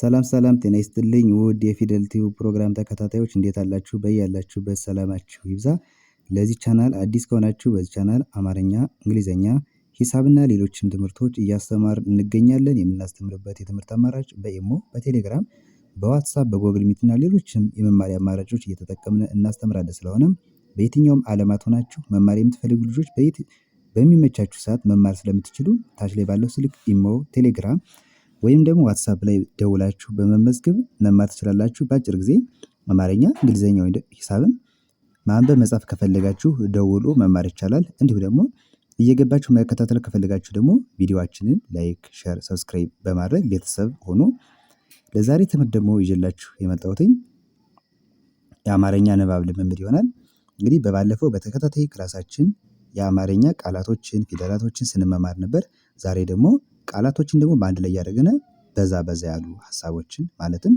ሰላም ሰላም ጤና ይስጥልኝ ውድ የፊደል ቲዩብ ፕሮግራም ተከታታዮች እንዴት አላችሁ? በያላችሁበት ሰላማችሁ ይብዛ። ለዚህ ቻናል አዲስ ከሆናችሁ በዚህ ቻናል አማርኛ፣ እንግሊዝኛ፣ ሂሳብና ሌሎችም ትምህርቶች እያስተማር እንገኛለን። የምናስተምርበት የትምህርት አማራጭ በኢሞ፣ በቴሌግራም፣ በዋትሳፕ፣ በጎግል ሚትና ሌሎችም የመማሪያ አማራጮች እየተጠቀምን እናስተምራለን። ስለሆነም በየትኛውም ዓለማት ሆናችሁ መማር የምትፈልጉ ልጆች በሚመቻችሁ ሰዓት መማር ስለምትችሉ ታች ላይ ባለው ስልክ ኢሞ፣ ቴሌግራም ወይም ደግሞ ዋትሳፕ ላይ ደውላችሁ በመመዝገብ መማር ትችላላችሁ። በአጭር ጊዜ አማርኛ እንግሊዝኛ ወይ ሂሳብን ማንበብ መጻፍ ከፈለጋችሁ ደውሎ መማር ይቻላል። እንዲሁ ደግሞ እየገባችሁ መከታተል ከፈለጋችሁ ደግሞ ቪዲዮችንን ላይክ ሸር፣ ሰብስክራይብ በማድረግ ቤተሰብ ሆኑ። ለዛሬ ትምህርት ደግሞ ይዤላችሁ የመጣሁትኝ የአማርኛ ንባብ ልምምድ ይሆናል። እንግዲህ በባለፈው በተከታታይ ክላሳችን የአማርኛ ቃላቶችን ፊደላቶችን ስንመማር ነበር። ዛሬ ደግሞ ቃላቶችን ደግሞ በአንድ ላይ እያደረግን በዛ በዛ ያሉ ሀሳቦችን ማለትም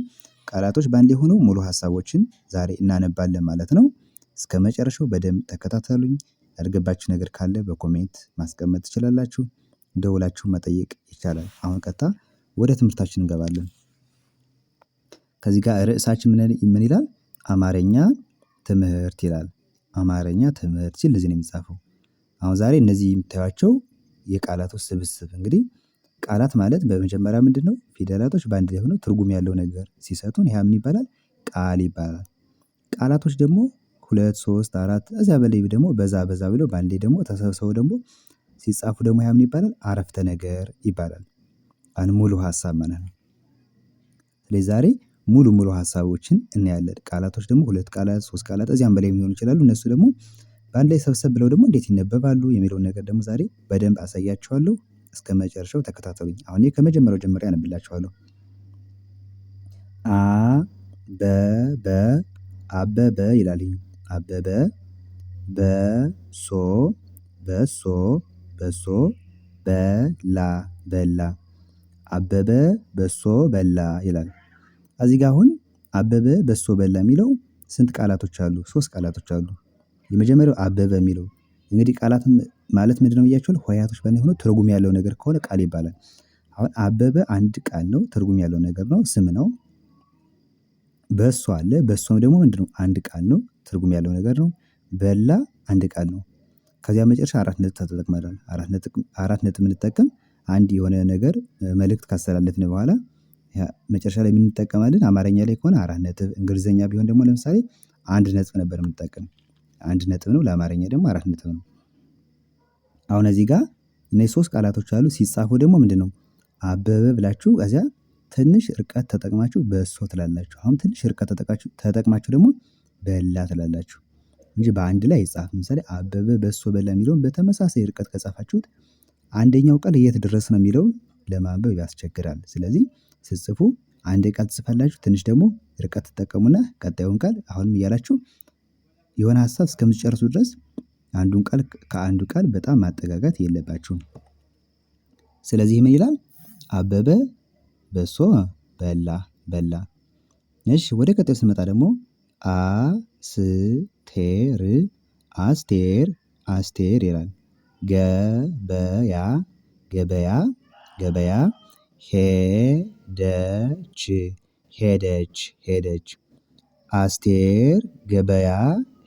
ቃላቶች በአንድ ላይ ሆነው ሙሉ ሀሳቦችን ዛሬ እናነባለን ማለት ነው። እስከ መጨረሻው በደንብ ተከታተሉኝ ያልገባችሁ ነገር ካለ በኮሜንት ማስቀመጥ ትችላላችሁ። ደውላችሁ መጠየቅ ይቻላል። አሁን ቀጥታ ወደ ትምህርታችን እንገባለን። ከዚህ ጋር ርዕሳችን ምን ይላል? አማርኛ ትምህርት ይላል አማርኛ ትምህርት ሲል እዚህ ነው የሚጻፈው። አሁን ዛሬ እነዚህ የምታዩዋቸው የቃላቶች ስብስብ እንግዲህ ቃላት ማለት በመጀመሪያ ምንድነው ፊደላቶች በአንድ ላይ ሆነው ትርጉም ያለው ነገር ሲሰጡን ያ ምን ይባላል ቃል ይባላል። ቃላቶች ደግሞ ሁለት ሶስት አራት እዚያ በላይ ደግሞ በዛ በዛ ብለው ላይ ደግሞ ተሰብስበው ደግሞ ሲጻፉ ደግሞ ያ ምን ይባላል አረፍተ ነገር ይባላል። ሙሉ ሀሳብ ማለት ነው። ስለዚህ ዛሬ ሙሉ ሙሉ ሀሳቦችን እናያለን ቃላቶች ደግሞ ሁለት ቃላት ሶስት ቃላት እዚያም በላይ የሚሆኑ ይችላሉ እነሱ ደግሞ በአንድ ላይ ሰብሰብ ብለው ደግሞ እንዴት ይነበባሉ የሚለውን ነገር ደግሞ ዛሬ በደንብ አሳያችኋለሁ እስከመጨረሻው ተከታተሉኝ። አሁን እኔ ከመጀመሪያው ጀምሬ አነብላችኋለሁ። አ በ በ አበበ ይላል ይሄ አበበ በሶ በሶ በሶ በላ በላ አበበ በሶ በላ ይላል። እዚህ ጋር አሁን አበበ በሶ በላ የሚለው ስንት ቃላቶች አሉ? ሶስት ቃላቶች አሉ። የመጀመሪያው አበበ የሚለው እንግዲህ ቃላትም ማለት ነው ብያቸዋል። ሆያቶች ባለ ሆኖ ትርጉም ያለው ነገር ከሆነ ቃል ይባላል። አሁን አበበ አንድ ቃል ነው ትርጉም ያለው ነገር ነው ስም ነው። በሶ አለ በሶም ደግሞ ነው አንድ ቃል ነው ትርጉም ያለው ነገር ነው። በላ አንድ ቃል ነው። ከዚያ መጨረሻ አራት ነጥብ ተጠቅመናል አራት ነጥብ የምንጠቀም አንድ የሆነ ነገር መልእክት ካስተላለፍን በኋላ መጨረሻ ላይ የምንጠቀማለን። አማርኛ ላይ ከሆነ አራት ነጥብ እንግሊዝኛ ቢሆን ደግሞ ለምሳሌ አንድ ነጥብ ነበር የምንጠቀም አንድ ነጥብ ነው ለአማርኛ ደግሞ አራት ነጥብ ነው አሁን እዚህ ጋር እነዚህ ሶስት ቃላቶች አሉ። ሲጻፉ ደግሞ ምንድን ነው አበበ ብላችሁ ከዚያ ትንሽ እርቀት ተጠቅማችሁ በሶ ትላላችሁ። አሁን ትንሽ እርቀት ተጠቅማችሁ ደግሞ በላ ትላላችሁ እንጂ በአንድ ላይ ይጻፍ። ምሳሌ አበበ በሶ በላ የሚለውን በተመሳሳይ እርቀት ከጻፋችሁት አንደኛው ቃል የት ድረስ ነው የሚለው ለማንበብ ያስቸግራል። ስለዚህ ስጽፉ አንድ ቃል ትጽፋላችሁ፣ ትንሽ ደግሞ ርቀት ትጠቀሙና ቀጣዩን ቃል አሁንም እያላችሁ የሆነ ሀሳብ እስከምትጨርሱ ድረስ አንዱን ቃል ከአንዱ ቃል በጣም ማጠጋጋት የለባችሁም። ስለዚህ ምን ይላል? አበበ በሶ በላ በላ። እሺ ወደ ቀጣዩ ስንመጣ ደግሞ አስቴር አስቴር አስቴር ይላል። ገበያ ገበያ ገበያ ሄደች ሄደች ሄደች አስቴር ገበያ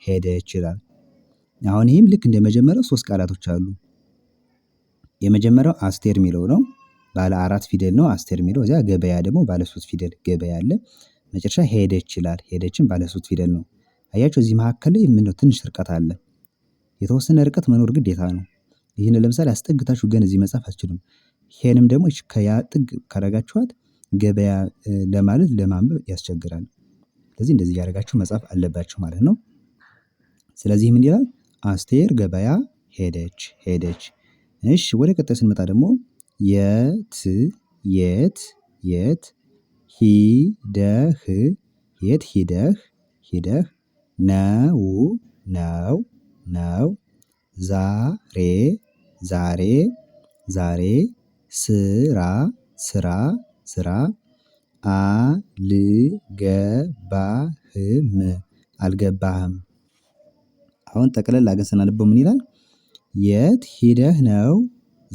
ሄደች ይላል። አሁን ይሄም ልክ እንደመጀመሪያው ሶስት ቃላቶች አሉ። የመጀመሪያው አስቴር የሚለው ነው። ባለ አራት ፊደል ነው አስቴር የሚለው። እዚያ ገበያ ደግሞ ባለ ሶስት ፊደል ገበያ አለ። መጨረሻ ሄደች ይላል። ሄደችም ባለ ሶስት ፊደል ነው። አያቸው እዚህ መካከል ላይ ምነው ትንሽ ርቀት አለ። የተወሰነ ርቀት መኖር ግዴታ ነው። ይህን ለምሳሌ አስጠግታችሁ ገን እዚህ መጻፍ አትችሉም። ሄንም ደግሞ ከያ ጥግ ካረጋችኋት ገበያ ለማለት ለማንበብ ያስቸግራል። ስለዚህ እንደዚህ ያደረጋችሁ መጻፍ አለባችሁ ማለት ነው። ስለዚህ ምን ይላል? አስቴር ገበያ ሄደች ሄደች። እሺ ወደ ቀጣይ ስንመጣ ደግሞ የት የት የት ሂደህ የት ሂደህ ሂደህ ነው ነው ነው ዛሬ ዛሬ ዛሬ ስራ ስራ ስራ አልገባህም አልገባህም አሁን ጠቅለል አድርገን ስናነበው ምን ይላል? የት ሂደህ ነው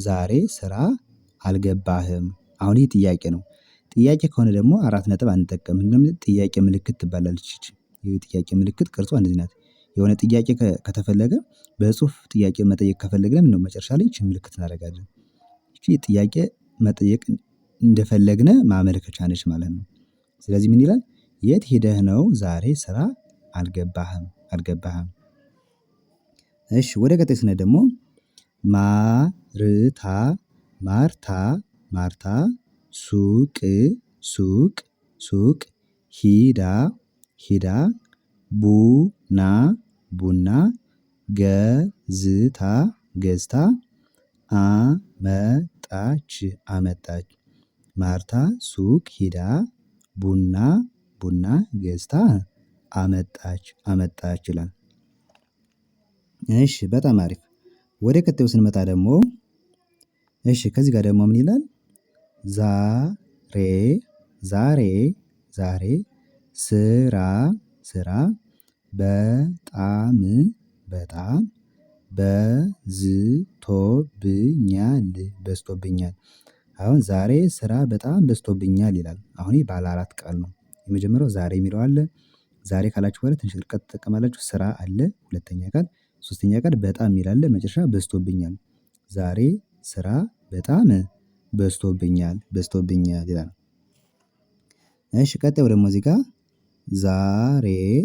ዛሬ ስራ አልገባህም? አሁን ይህ ጥያቄ ነው። ጥያቄ ከሆነ ደግሞ አራት ነጥብ አንጠቀም። ጥያቄ ምልክት ትባላለች። ጥያቄ ምልክት ቅርጿ እንደዚህ ናት። የሆነ ጥያቄ ከተፈለገ በጽሁፍ ጥያቄ መጠየቅ ከፈለግን ምንድነው መጨረሻ ላይ ይቺ ምልክት እናደርጋለን። ይቺ ጥያቄ መጠየቅ እንደፈለግነ ማመልከቻ ነች ማለት ነው። ስለዚህ ምን ይላል? የት ሄደህ ነው ዛሬ ስራ አልገባህም አልገባህም እሺ ወደ ቀጣይ ስንሄድ ደግሞ ማርታ ማርታ ማርታ ሱቅ ሱቅ ሱቅ ሂዳ ሂዳ ቡና ቡና ገዝታ ገዝታ አመጣች አመጣች ማርታ ሱቅ ሂዳ ቡና ቡና ገዝታ አመጣች አመጣች ይላል እሺ በጣም አሪፍ ወደ ቀጣዩ ስንመጣ ደግሞ እሺ ከዚህ ጋር ደግሞ ምን ይላል? ዛሬ ዛሬ ዛሬ ስራ ስራ በጣም በጣም በዝቶብኛል በዝቶብኛል አሁን ዛሬ ስራ በጣም በዝቶብኛል ይላል አሁን ይህ ባለ አራት ቃል ነው። የመጀመሪያው ዛሬ የሚለው አለ ዛሬ ካላችሁ በኋላ ትንሽ ርቀት ትጠቀማላችሁ ስራ አለ ሁለተኛ ቃል ሶስተኛ ቃል በጣም ይላለ መጨረሻ በዝቶብኛል። ዛሬ ስራ በጣም በዝቶብኛል በዝቶብኛል ይላል። እሺ ቀጣዩ ደግሞ እዚህ ጋር ተመሳሳይ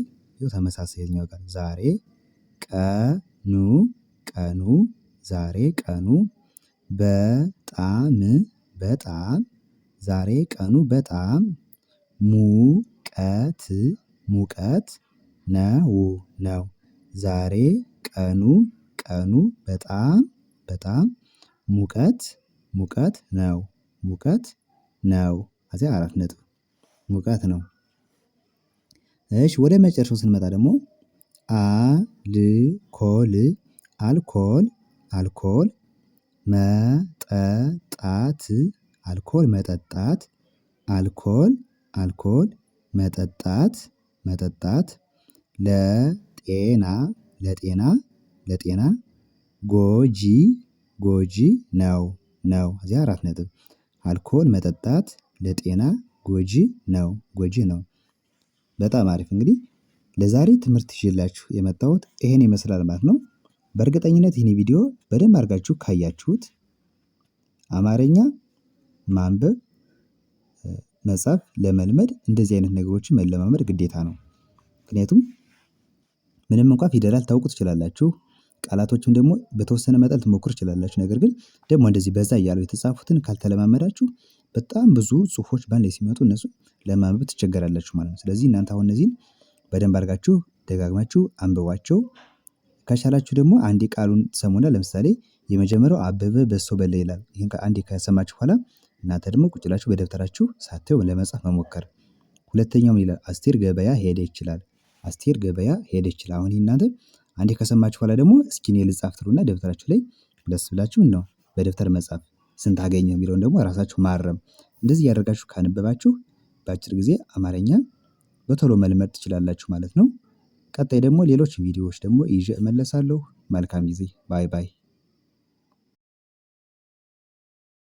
ተመሳሳይኛው ቃል ዛሬ ቀኑ ቀኑ ዛሬ ቀኑ በጣም በጣም ዛሬ ቀኑ በጣም ሙቀት ሙቀት ነው ነው ዛሬ ቀኑ ቀኑ በጣም በጣም ሙቀት ሙቀት ነው ሙቀት ነው ከዚያ አራት ነጥብ ሙቀት ነው። እሺ ወደ መጨረሻው ስንመጣ ደግሞ አልኮል አልኮል አልኮል መጠጣት አልኮል መጠጣት አልኮል አልኮል መጠጣት መጠጣት ለጤና ለጤና ለጤና ጎጂ ጎጂ ነው ነው እዚህ አራት ነጥብ አልኮል መጠጣት ለጤና ጎጂ ነው ጎጂ ነው። በጣም አሪፍ እንግዲህ ለዛሬ ትምህርት ይዤላችሁ የመጣሁት ይሄን ይመስላል ማለት ነው። በእርግጠኝነት ይህን ቪዲዮ በደንብ አድርጋችሁ ካያችሁት አማርኛ ማንበብ መጻፍ ለመልመድ እንደዚህ አይነት ነገሮችን መለማመድ ግዴታ ነው። ምክንያቱም ምንም እንኳ ፊደላት ታውቁ ትችላላችሁ ቃላቶችም ደግሞ በተወሰነ መጠን ትሞክሩ ትችላላችሁ ነገር ግን ደግሞ እንደዚህ በዛ እያሉ የተጻፉትን ካልተለማመዳችሁ በጣም ብዙ ጽሁፎች ላይ ሲመጡ እነሱ ለማንበብ ትቸገራላችሁ ማለት ነው። ስለዚህ እናንተ አሁን እነዚህን በደንብ አድርጋችሁ ደጋግማችሁ አንብቧቸው። ከቻላችሁ ደግሞ አንዴ ቃሉን ሰሙና ለምሳሌ የመጀመሪያው አበበ በሶ በለ ይላል ይሄን አንዴ ከሰማችሁ በኋላ እናንተ ደግሞ ቁጭላችሁ በደብተራችሁ ሳታዩ ለመጻፍ መሞከር። ሁለተኛውም ይላል አስቴር ገበያ ሄደ ይችላል አስቴር ገበያ ሄደች ይችላል። አሁን እናንተ አንዴ ከሰማችሁ በኋላ ደግሞ እስኪ እኔ ልጻፍ ትሉና ደብተራችሁ ላይ ደስ ብላችሁ ነው በደብተር መጻፍ ስንት አገኘሁ የሚለውን ደግሞ ራሳችሁ ማረም። እንደዚህ እያደረጋችሁ ካነበባችሁ በአጭር ጊዜ አማርኛ በቶሎ መልመድ ትችላላችሁ ማለት ነው። ቀጣይ ደግሞ ሌሎች ቪዲዮዎች ደግሞ ይዤ እመለሳለሁ። መልካም ጊዜ። ባይ ባይ